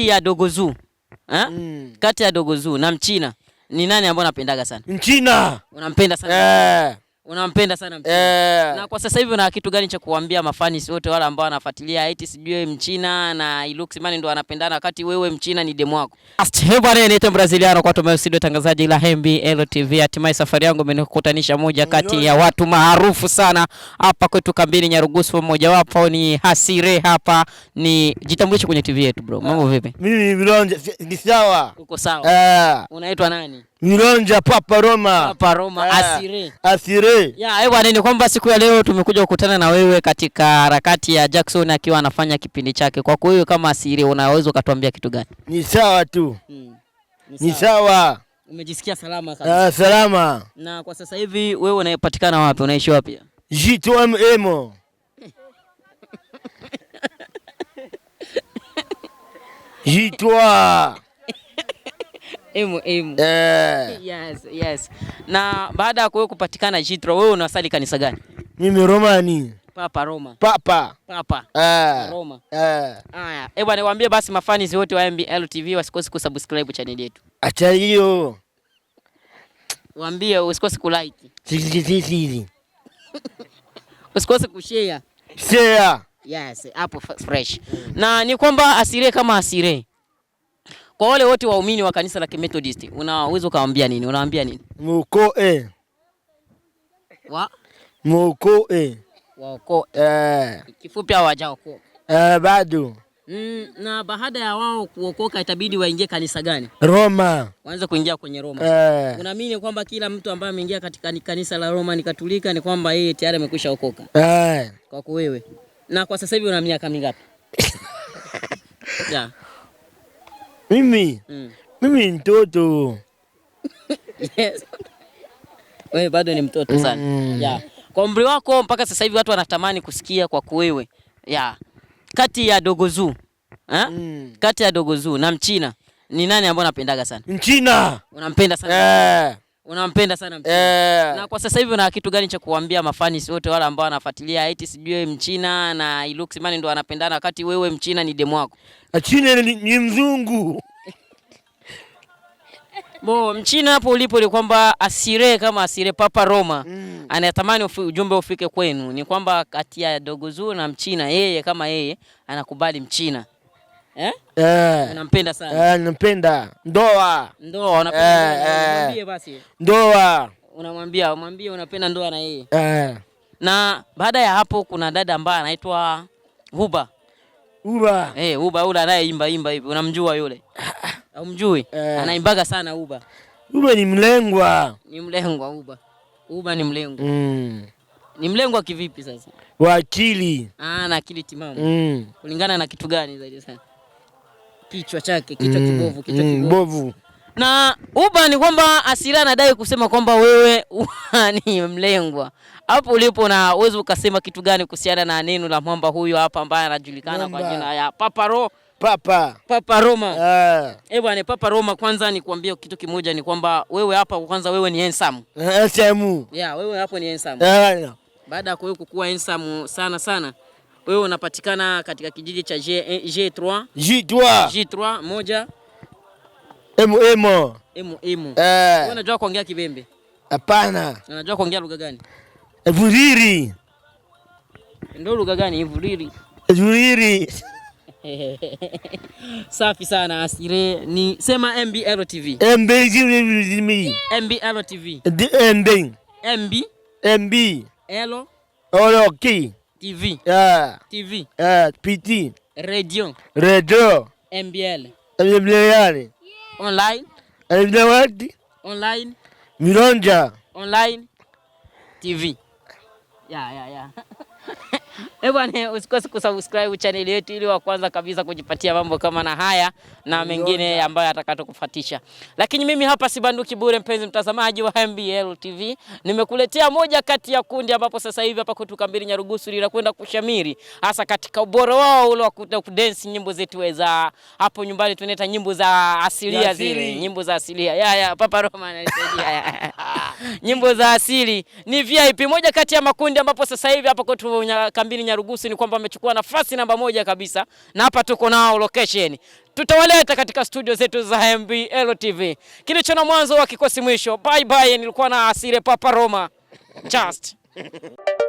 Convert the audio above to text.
kati ya Dogozu eh? mm. kati ya Dogozu na Mchina ni nani ambaye unapendaga sana? Mchina unampenda sana eh. Unampenda sana mchina. Yeah. Na kwa sasa hivi una kitu gani cha kuambia mafani wote wale ambao wanafuatilia eti sijui wewe mchina na looks Man ndo anapendana wakati wewe mchina ni demu wako. Asante niite Braziliano kwa tumeo studio tangazaji la MBL TV. Hatimaye safari yangu imenikutanisha moja kati ya watu maarufu sana hapa kwetu kambini Nyarugusu, mmoja wapo ni Hasire hapa ni jitambulishe kwenye TV yetu bro. Mambo vipi? Mimi ni Vilonje, ni sawa. Uko sawa. Eh. Unaitwa nani? Nironja Papa Roma. Papa Roma yeah. Asire. Asire. Yeah, ewa nini kwamba siku ya leo tumekuja kukutana na wewe katika harakati ya Jackson akiwa anafanya kipindi chake. Kwa wewe kama Asire unaweza ukatuambia kitu gani? Ni sawa tu. Hmm. Ni sawa. Umejisikia salama kabisa. Ah, salama. Na kwa sasa hivi wewe unayepatikana wapi? Unaishi wapi? Jitwam emo. Jitwa. emu, emu. Yeah. Yes, yes. Na baada ya kuwe kupatikana Jitro, wewe unasali kanisa gani? Mimi Romani. Papa Roma. Papa. Papa. Eh. Roma. Eh. Aya. Ah, eh, bwana niwaambie basi mafani wote wa MBL TV wasikose kusubscribe channel yetu. Acha hiyo. Waambie usikose kulike. Sisi sisi sisi. Usikose kushare. Share. Yes, hapo fresh. Mm. Na ni kwamba asire kama asire kwa wale wote waumini wa kanisa la Methodist, unaweza ukawaambia nini? Unawaambia nini? Mukoe. Wa? Mukoe. Waokoe. Eh. Kifupi hao Eh, bado. Mm, na baada ya wao kuokoka itabidi waingie kanisa gani? Roma. Waanze kuingia kwenye Roma. Eh. Unaamini kwamba kila mtu ambaye ameingia katika kanisa la Roma ni Katolika ni kwamba yeye tayari amekwisha okoka? Eh. Kwa kuwewe. Na kwa sasa hivi una miaka mingapi? yeah mimi mm. mimi mtoto yes. Wewe bado ni mtoto sana mm. yeah. Kwa umri wako mpaka sasa hivi watu wanatamani kusikia kwako wewe yeah. Kati ya Dogo Zoo mm. kati ya Dogo Zoo na Mchina ni nani ambaye unapendaga sana? Mchina unampenda sana eh. Unampenda sana mchina. Yeah. Na kwa sasa hivi una kitu gani cha kuambia mafani wote wale ambao wanafuatilia eti sijui wewe mchina na Iluxman ndo anapendana wakati wewe mchina ni demu wako. Achina ah, ni, ni mzungu. Bo, mchina hapo ulipo ni kwamba asire kama asire Papa Roma mm. Anatamani ufi, ujumbe ufike kwenu ni kwamba kati ya dogo zuri na mchina, yeye kama yeye anakubali mchina. Eh? Eh. Nampenda eh, Ndoa. Ndoa Unamwambia, mwambie unapenda ndoa na yeye. Eh. Na baada ya hapo kuna dada ambaye anaitwa Huba. Uba. Hey, Uba ule anayeimba imba hivi. Unamjua yule? Au Eh. Anaimbaga sana Uba. Uba ni mlengwa. Ni mlengwa Uba. Uba ni mlengwa. Mm. Ni mlengwa kivipi sasa? Wa akili. Ah, na akili timamu. Mm. Kulingana na kitu gani zaidi sana? kichwa chake, kichwa mm, kibovu, kichwa mm, kibovu. Na uba ni kwamba Asira anadai kusema kwamba wewe ni mlengwa hapo ulipo, na uwezi ukasema kitu gani kuhusiana na neno la mwamba huyo hapa ambaye anajulikana kwa jina ya Papa Ro Papa Papa Roma. Eh, eh bwana Papa Roma, kwanza ni kuambia kitu kimoja ni kwamba wewe hapa kwanza wewe ni handsome. Handsome. Eh, yeah, wewe hapo ni handsome. Eh, Baada ya kuwa handsome sana sana wewe unapatikana katika kijiji cha g 3 eh, g 3 g 3 moja emu emu emu emu. Eh. Wewe unajua kuongea Kibembe? Hapana. Unajua kuongea lugha gani? Evuriri. Ndio lugha gani Evuriri? Evuriri. Safi sana Asire, ni sema MBL TV. MBL TV. MBL TV. MB. MB. MB. Elo. Olo okay. TV. Yeah. TV. Yeah. PT. Radio. Radio. MBL. MBL. Online. MBL wapi? Online. Mironja. Online. TV. Yeah, yeah, yeah. Ebwane, usikose kusubscribe channel yetu ili wa kwanza kabisa kujipatia mambo kama na haya na mengine ambayo atakato kufatisha. Lakini mimi hapa sibanduki bure, mpenzi mtazamaji wa MBL TV, nimekuletea moja kati ya kundi ambapo sasa hivi hapa kwetu Kambili Nyarugusu linakwenda kushamiri hasa katika ubora wao ule wa kudance nyimbo zetu za hapo nyumbani, tunaita nyimbo za asilia ya zile, nyimbo za asilia. Ya ya Papa Roma anasaidia Nyimbo za asili ni VIP, moja kati ya makundi ambapo sasa hivi hapa kwetu Kambili mbili Nyarugusi ni kwamba amechukua nafasi namba moja kabisa, na hapa tuko nao location, tutawaleta katika studio zetu za MBL TV. Kilicho na mwanzo wa kikosi mwisho. Bye bye, nilikuwa na asire Papa Roma just